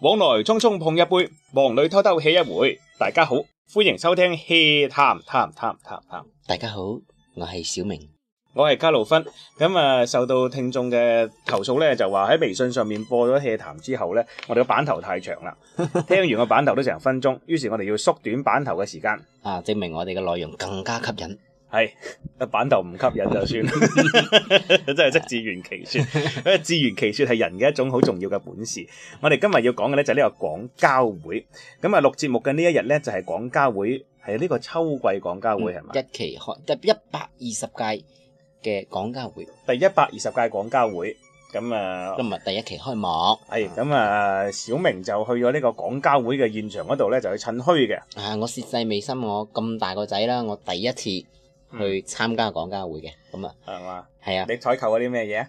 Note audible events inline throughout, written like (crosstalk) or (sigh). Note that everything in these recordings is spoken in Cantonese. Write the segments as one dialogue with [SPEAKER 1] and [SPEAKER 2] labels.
[SPEAKER 1] 往來匆匆碰一杯，忙裏偷偷 hea 一回。大家好，歡迎收聽 hea 談談談談談。
[SPEAKER 2] 大家好，我係小明，
[SPEAKER 1] 我係卡路芬。咁啊，受到聽眾嘅投訴咧，就話喺微信上面播咗 hea 談之後咧，我哋個版頭太長啦， (laughs) 聽完個版頭都成分鐘。於是我哋要縮短版頭嘅時間啊，證明我哋嘅內容更加吸引。係個板頭唔吸引就算， (laughs) 真係即自圓其說。自圓其說係人嘅一種好重要嘅本事。 (laughs) 我哋今日要講嘅咧就係呢個廣交會。咁啊，錄節目嘅呢一日咧就係、是、廣交會，係呢個秋季廣交會係嘛，嗯？一期開第一百二十屆嘅廣交會，第一百二十屆廣交會咁啊，今日第一期開幕係咁啊。小明
[SPEAKER 2] 就去咗呢個廣交會嘅現場嗰度咧，就去趁墟嘅。啊，我涉世未深，我咁大個仔啦，我第一次。嗯、去參加廣交會嘅，咁、嗯、啊，係嘛？係啊，你
[SPEAKER 1] 採購嗰啲咩嘢啊？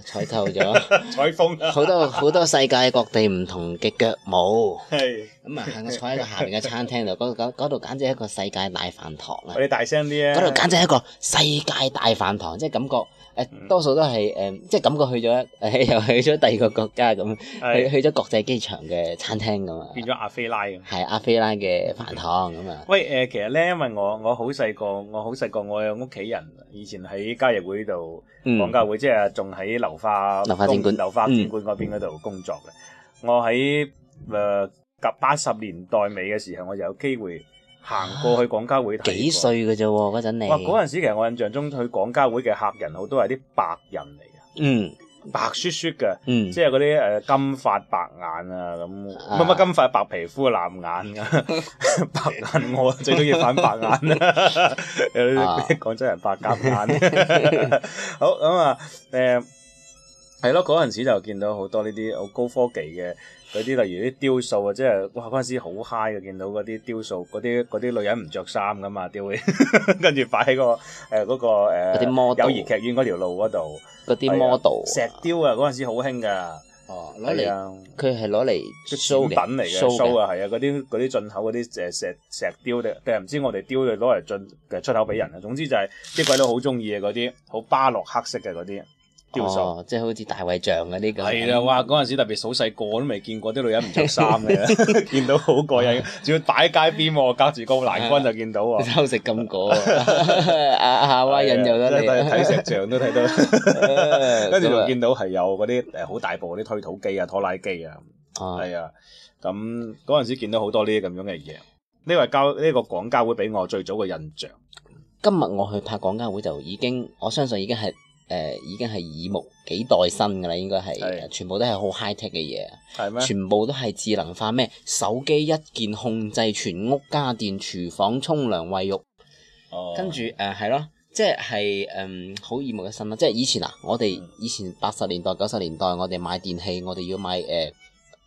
[SPEAKER 2] 採透咗，採
[SPEAKER 1] 風啦，好多好多
[SPEAKER 2] 世界各地唔同嘅腳帽。係咁啊！我坐喺個下面嘅餐廳度，嗰嗰嗰度簡直係一個世界大飯堂啦。喂，大聲啲啊！嗰度簡直係一個世界大飯堂，即係感覺誒，多數都係誒，即係感覺去咗誒，又去咗第二個國家咁，去去咗國際機場嘅餐廳咁啊。
[SPEAKER 1] 變咗阿非拉啊！
[SPEAKER 2] 係阿非拉嘅飯堂咁
[SPEAKER 1] 啊。喂，誒，其實咧，因為我我好細個，我好細個，我有屋企人以前喺交易會度，廣交會即係仲喺。流化、流化展館、流化展館嗰邊嗰度工作嘅。我喺誒八十年代尾嘅時候，我就有機會行過去廣交會睇。幾
[SPEAKER 2] 歲嘅啫喎？嗰陣你？哇！嗰陣
[SPEAKER 1] 時其實我印象中去廣交會嘅客人好多係啲白人嚟
[SPEAKER 2] 嘅。嗯，
[SPEAKER 1] 白雪雪嘅，嗯，即係嗰啲誒金髮白眼啊咁，乜乜金髮白皮膚藍眼啊，白眼我最中意反白眼啦。有啲廣州人白夾眼。好咁啊誒。係咯，嗰陣時就見到好多呢啲好高科技嘅嗰啲，例如啲雕塑啊，即係哇！嗰陣時好 high 嘅，見到嗰啲雕塑，嗰啲啲女人唔着衫噶嘛，吊起跟住擺喺個誒嗰、那個誒有業劇院嗰條路嗰度，
[SPEAKER 2] 嗰啲 model 石
[SPEAKER 1] 雕啊，嗰陣時好興噶。哦，攞嚟
[SPEAKER 2] 佢係攞嚟出品嚟嘅，show 啊的，係
[SPEAKER 1] 啊，嗰啲啲進口嗰啲誒石石雕嘅，定係唔知我哋雕嘅？攞嚟進嘅出口俾人啊、嗯。總之就係啲鬼佬好中意嘅嗰啲好巴洛黑色嘅嗰啲。
[SPEAKER 2] 哦，即係好似大衞像嗰啲咁。係啦，哇！
[SPEAKER 1] 嗰陣時特別好細個都未見過啲女人唔著衫嘅，見到好過癮。仲要擺喺街邊喎，隔住個欄杆就見到喎。偷食禁果啊！阿夏威因又得你。即係睇石像都睇到。
[SPEAKER 2] 跟住就見
[SPEAKER 1] 到係有嗰啲誒好大部嗰啲推土機啊、拖拉機啊，係啊。咁嗰陣時見到好多呢啲咁樣嘅嘢。呢個教呢個廣交會俾我最早嘅
[SPEAKER 2] 印象。今日我去拍廣交會就已經，我相信已經係。誒已經係耳目幾代新㗎喇，應該係是全部都係好 high tech 嘅嘢。嗎全部都係智能化咩，手機一鍵控制全屋家電、廚房、沖涼、衛浴，跟住誒係咯，即係誒好耳目一新啦。即係以前啊，我哋以前八十年代、九十年代，我哋買電器，我哋要買誒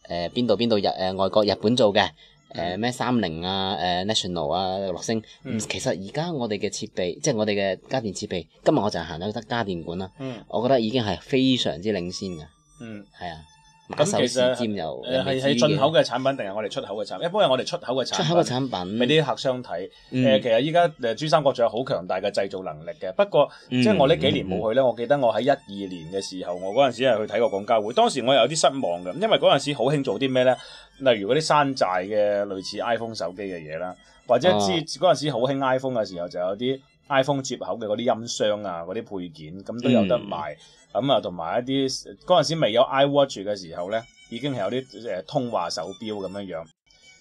[SPEAKER 2] 誒邊度邊度日誒外國日本做嘅。誒咩三菱啊，誒、呃、National 啊，樂星，其實而家我哋嘅設備，即係我哋嘅家電設備，今日我就係行咗得家電館啦，嗯、我覺得已經係非常之領先嘅，係、嗯、啊。咁其實誒係係進口
[SPEAKER 1] 嘅產品定係我哋出口嘅產品？一般係我哋出口嘅產品，出口嘅產品俾啲客商睇。誒、嗯，其實依家誒珠三角仲有好強大嘅製造能力嘅。不過即係、嗯、我呢幾年冇去咧，嗯嗯、我記得我喺一二年嘅時候，我嗰陣時係去睇過廣交會。當時我又有啲失望嘅，因為嗰陣時好興做啲咩咧？例如嗰啲山寨嘅類似 iPhone 手機嘅嘢啦，或者之嗰陣時好興 iPhone 嘅時候，就有啲 iPhone 接口嘅嗰啲音箱啊，嗰啲配件咁都有得賣，咁啊同埋一啲嗰陣時未有 iWatch 嘅時候咧，已經係有啲誒通話手錶咁樣樣，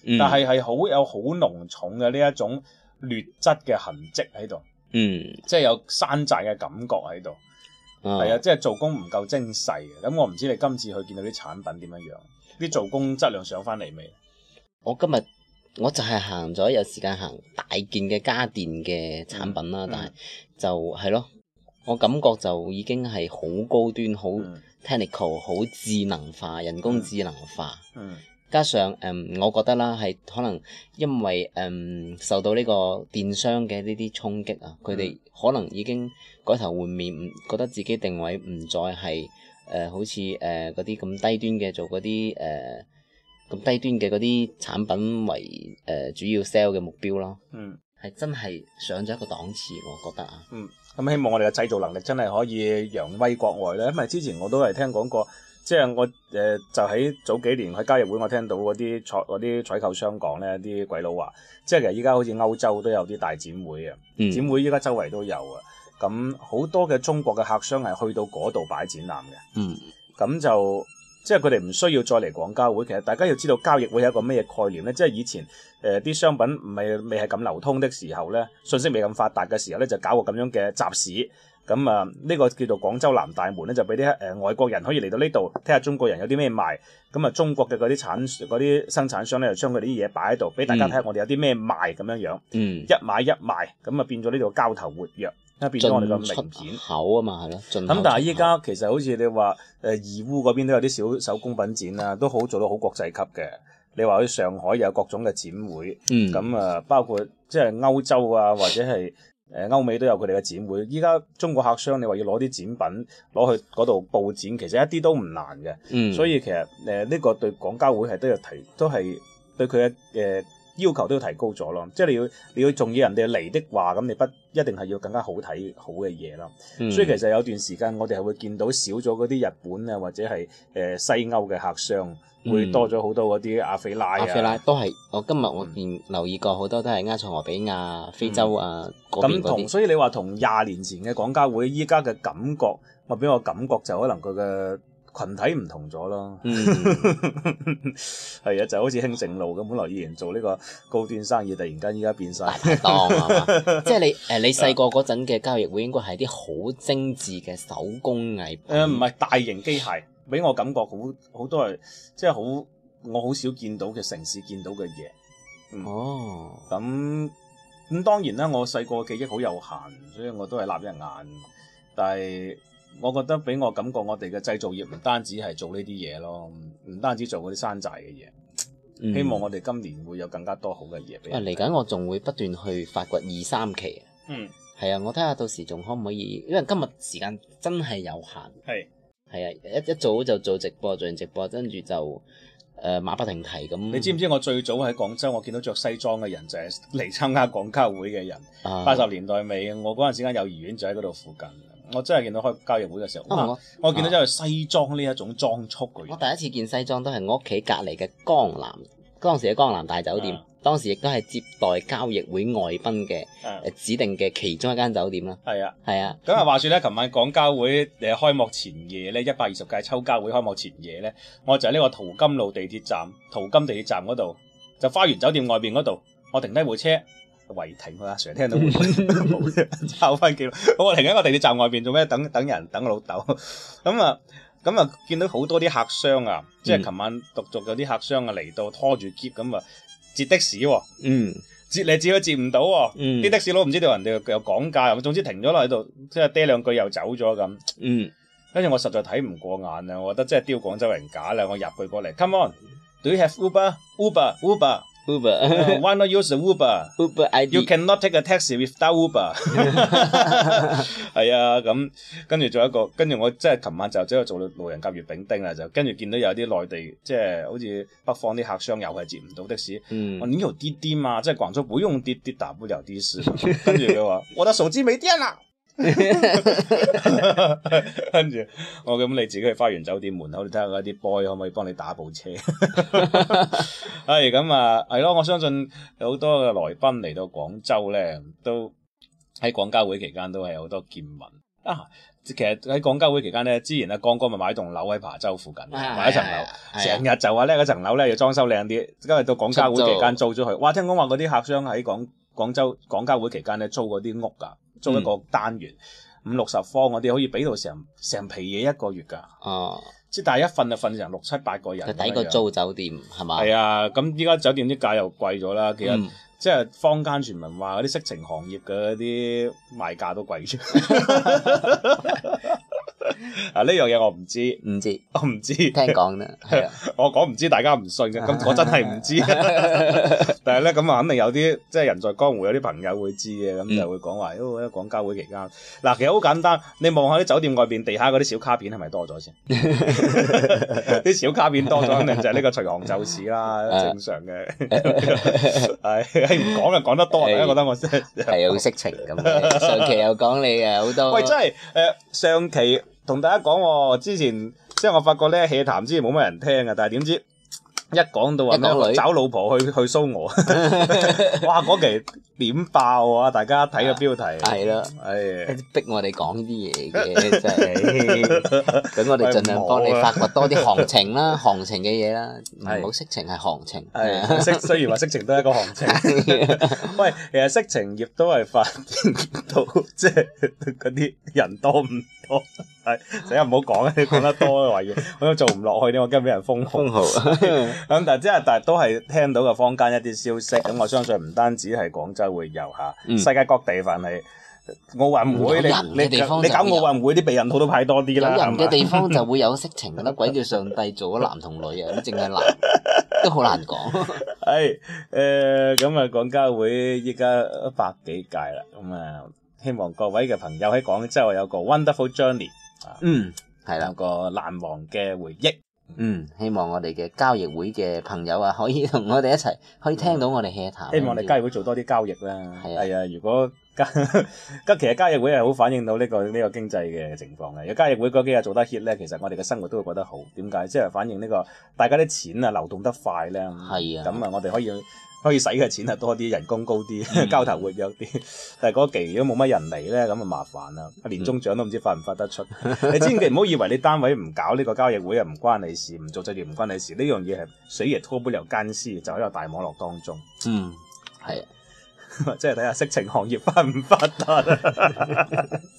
[SPEAKER 1] 嗯、但係係好有好濃重嘅呢一種劣質嘅痕跡喺度，嗯，即係有山寨嘅感覺喺度，
[SPEAKER 2] 係啊、嗯，
[SPEAKER 1] 即係做工唔夠精細嘅，咁我唔知你今次去見到啲產品點樣樣，啲做工質量上翻嚟未？
[SPEAKER 2] 我今日。我就係行咗有時間行大件嘅家電嘅產品啦，嗯、但係就係咯，我感覺就已經係好高端、好 technical、好智能化、人工智能化。嗯嗯、加上誒、呃，我覺得啦，係可能因為誒、呃、受到呢個電商嘅呢啲衝擊啊，佢哋可能已經改頭換面，覺得自己定位唔再係誒、呃、好似誒嗰啲咁低端嘅做嗰啲誒。咁低端嘅嗰啲產品為誒主要 sell 嘅目標咯，嗯，係真係上咗一個檔次，我覺得啊，嗯，咁希望我哋嘅製造能力真係可以揚威國
[SPEAKER 1] 外咧，因為之前我都係聽講過，即係我誒就喺早幾年喺交易會，我聽到嗰啲採啲採購商講咧，啲鬼佬話，即係其實依家好似歐洲都有啲大展會啊，嗯、展會依家周圍都有啊，咁好多嘅中國嘅客商係去到嗰度擺展覽嘅，嗯，咁就。即係佢哋唔需要再嚟廣交會，其實大家要知道交易會係一個咩概念咧？即係以前誒啲、呃、商品未未係咁流通的時候咧，信息未咁發達嘅時候咧，就搞個咁樣嘅集市。咁、嗯、啊，呢、這個叫做廣州南大門咧，就俾啲誒外國人可以嚟到呢度睇下中國人有啲咩賣。咁啊，中國嘅嗰啲產啲生產商咧，就將佢哋啲嘢擺喺度，俾大家睇下我哋有啲咩賣咁樣樣。嗯，一買一賣，咁啊變咗呢度交頭活躍。而家變咗我哋個名
[SPEAKER 2] 片口啊嘛係咯。咁但係依家
[SPEAKER 1] 其實好似你話，誒義烏嗰邊都有啲小手工品展啦、啊，都好做到好國際級嘅。你話去上海有各種嘅展會，咁啊、嗯、包括即係歐洲啊或者係誒歐美都有佢哋嘅展會。依家中國客商你話要攞啲展品攞去嗰度佈展，其實一啲都唔難嘅。嗯、所以其實誒呢個對廣交會係都有提，都係對佢嘅誒。呃要求都提高咗咯，即係你要你要仲要人哋嚟的話，咁你不一定係要更加好睇好嘅嘢咯。嗯、所以其實有段時間我哋係會見到少咗嗰啲日本啊或者係誒、呃、西歐嘅客商，嗯、會多咗好多嗰啲
[SPEAKER 2] 亞非拉、啊、亞非拉都係。我今日我邊留意過好、嗯、多都係埃塞俄比亞、非洲啊嗰邊嗰啲咁、嗯、同所以你
[SPEAKER 1] 話同廿年前嘅廣交會，依家嘅感覺，我俾我感覺就可能佢嘅。群體唔同咗咯，
[SPEAKER 2] 係
[SPEAKER 1] 啊、mm. (laughs) 就好似興盛路咁，本來以前做呢個高端生意，突然間依家變晒大排檔。
[SPEAKER 2] 即係你誒你細個
[SPEAKER 1] 嗰陣嘅交易會應該係啲好精緻嘅手工藝品，唔係大型機械，俾我感覺好好多係即係好我好少見到嘅城市見到嘅嘢哦，咁、嗯、咁、oh. 當然啦，我細個記憶好有限，所以我都係立一眼，但係。我覺得俾我感覺，我哋嘅製造業唔單止係做呢啲嘢咯，唔單止做嗰啲山寨嘅嘢。嗯、
[SPEAKER 2] 希望我哋今年會有更加多好嘅嘢俾。嚟緊我仲會不斷去發掘二三期。嗯，係啊，我睇下到時仲可唔可以，因為今日時間真係有限。係，係啊，一一早就做直播，做完直播跟住就誒馬不停蹄咁。
[SPEAKER 1] 你知唔知我最早喺廣州，我見到着西裝嘅人就係嚟參加廣交會嘅人。八十、嗯、年代尾，我嗰陣時間幼兒園就喺嗰度附近。我真係見到開交易會嘅時候，啊、
[SPEAKER 2] 我見到真係西裝呢一種裝束嘅、啊、我第一次見西裝都係我屋企隔離嘅江南當時嘅江南大酒店，嗯、當時亦都係接待交易會外賓嘅、嗯呃、指定嘅其中一間酒店啦。係啊，
[SPEAKER 1] 係啊。咁啊、嗯，話説咧，琴晚廣交會誒開幕前夜咧，一百二十屆秋交會開幕前夜咧，我就喺呢個淘金路地鐵站、淘金地鐵站嗰度，就花園酒店外邊嗰度，我停低部車。違停我阿 Sir 聽到冇嘢，抄翻幾路。我停喺個地鐵站外邊做咩？等等人等我老豆。咁啊，咁啊，見到好多啲客商啊，嗯、即係琴晚陸續有啲客商啊嚟到拖住喼咁啊，截、啊、的士、喔。
[SPEAKER 2] 嗯，
[SPEAKER 1] 截嚟截去截唔到。嗯，啲的士佬唔知道人哋又講價，總之停咗落喺度，即係嗲兩句又走咗咁。嗯，跟住我實在睇唔過眼啊。我覺得真係丟廣州人假啦。我入去過嚟，Come on，Do you have Uber？Uber？Uber？Uber? Uber? Uber? Uber，why not use a Uber？Uber，I，you ID. cannot take a taxi with that Uber。 (laughs) (laughs) (laughs) 係啊，咁跟住做一個，跟住我即係琴晚就即係做咗路人甲乙丙丁啦，就跟住見到有啲內地即係、就是、好似北方啲客商又係接唔到的士。嗯、我呢度滴滴嘛，在廣州不用滴滴打不了的士，跟住佢話我的手機沒電啦。跟 (laughs) 住， (laughs) 我咁你自己去花園酒店門口，你睇下嗰啲 boy 可唔可以幫你打部車？係咁啊，係咯，我相信好多嘅來賓嚟到廣州咧，都喺廣交會期間都係好多見聞啊。其實喺廣交會期間咧，之前阿江哥咪買一棟樓喺琶洲附近，人啊、買一層樓，成日就話呢，嗰層樓咧要裝修靚啲，今日、啊、到廣交會期間租咗佢。哇，聽講話嗰啲客商喺廣。廣州廣交會期間咧，租嗰啲屋噶，租一個單元、嗯、五六十方嗰啲，可以俾到成成皮嘢一個月噶。哦，即係一瞓就瞓成六七八個人。佢抵過租酒店係嘛？係啊，咁依家酒店啲價又貴咗啦。其實即係、嗯、坊間傳聞話，嗰啲色情行業嘅啲賣價都貴咗。嗯 (laughs) (laughs) 啊！呢樣嘢我唔知，唔知，我唔知，聽講啦。係啊，我講唔知，大家唔信嘅。咁我真係唔知。但係咧，咁啊，肯定有啲即係人在江湖有啲朋友會知嘅。咁就會講話，喎，喺廣交會期間，嗱，其實好簡單。你望下啲酒店外邊地下嗰啲小卡片係咪多咗先？啲小卡片多咗，肯定就係呢個隨行就市啦，正常嘅。係，係唔講就講得多，大家覺得我係好色情咁。上期又講你誒，好多喂，真係誒，上期。同大家講，之前即係我發覺咧，戲談之前冇乜人聽嘅，但係點知一講到話咩找老婆去去蘇我， (laughs) (laughs) 哇，嗰期！點爆啊！大家
[SPEAKER 2] 睇個標題係咯，係逼我哋講呢啲嘢嘅，真係。咁我哋盡量幫你發掘多啲行情啦，行情嘅嘢啦，唔好色情，係行情，係色，雖然話色情都係個行情。
[SPEAKER 1] 喂，其實色情業都係發展到即係嗰啲人多唔多？係，所以唔好講啊，你講得多嘅話要，我都做唔落去咧，我驚俾人封號。封號咁，但係即係，但係都係聽到個坊間一啲消息，咁我相信唔單止係廣州。都會有吓，世界各
[SPEAKER 2] 地凡係奧運會，你你你搞奧運會啲避孕套都派多啲啦。有人嘅地方就會有色情㗎啦，鬼叫上帝做咗男同女啊，淨係男都好
[SPEAKER 1] 難講。係誒，咁啊，廣交會依家百幾屆啦，咁啊，希望各位嘅朋友喺廣州有個 wonderful journey，嗯
[SPEAKER 2] 係啦個難忘嘅回憶。嗯，希望我哋嘅交易會嘅朋友啊，可以同我哋一齊，可以聽到我哋 heat 談。希望我哋交易會做多啲交易啦，啊。係啊是的，如果
[SPEAKER 1] 今今其實交易會係好反映到呢，這個呢，這個經濟嘅情況嘅。如果交易會嗰幾日做得 hit 咧，其實我哋嘅生活都會覺得好。點解？即、就、係、是、反映呢，這個大家啲錢啊流動得快咧。係啊。咁啊，我哋可以。可以使嘅錢係多啲，人工高啲，交投活躍啲。 (laughs) 但係嗰期如果冇乜人嚟咧，咁就麻煩啦。年終獎都唔知發唔發得出。 (laughs) 你千祈唔好以為你單位唔搞呢個交易會啊，唔關你事，唔做就業唔關你事。呢樣嘢係水亦拖不留間私，就喺個大網絡當中。
[SPEAKER 2] 嗯，
[SPEAKER 1] 係啊，即係睇下色情行業發唔發達 (laughs)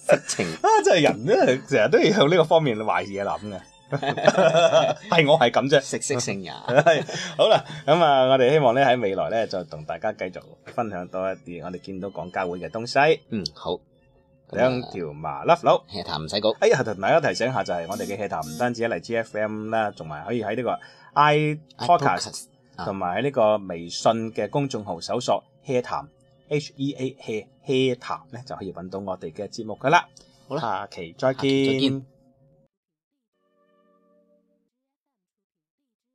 [SPEAKER 1] (laughs) 色情 (laughs) (laughs) 啊，即係人咧，成日都要向呢個方面懷疑諗嘅。係我係咁啫，食色性也。好啦，咁啊，我哋希望咧喺未來咧，就同大家繼續分享多一啲我哋見到廣交會嘅東西。嗯，好，兩條麻甩佬。氣壇唔使講，哎呀，同大家提醒下，就係我哋嘅氣壇唔單止喺嚟 GFM 啦，仲埋可以喺呢個 iPodcast，同埋喺呢個微信嘅公眾號搜索氣壇 H E A 氣氣壇咧，就可以揾到我哋嘅節目噶啦。好啦，下期再見。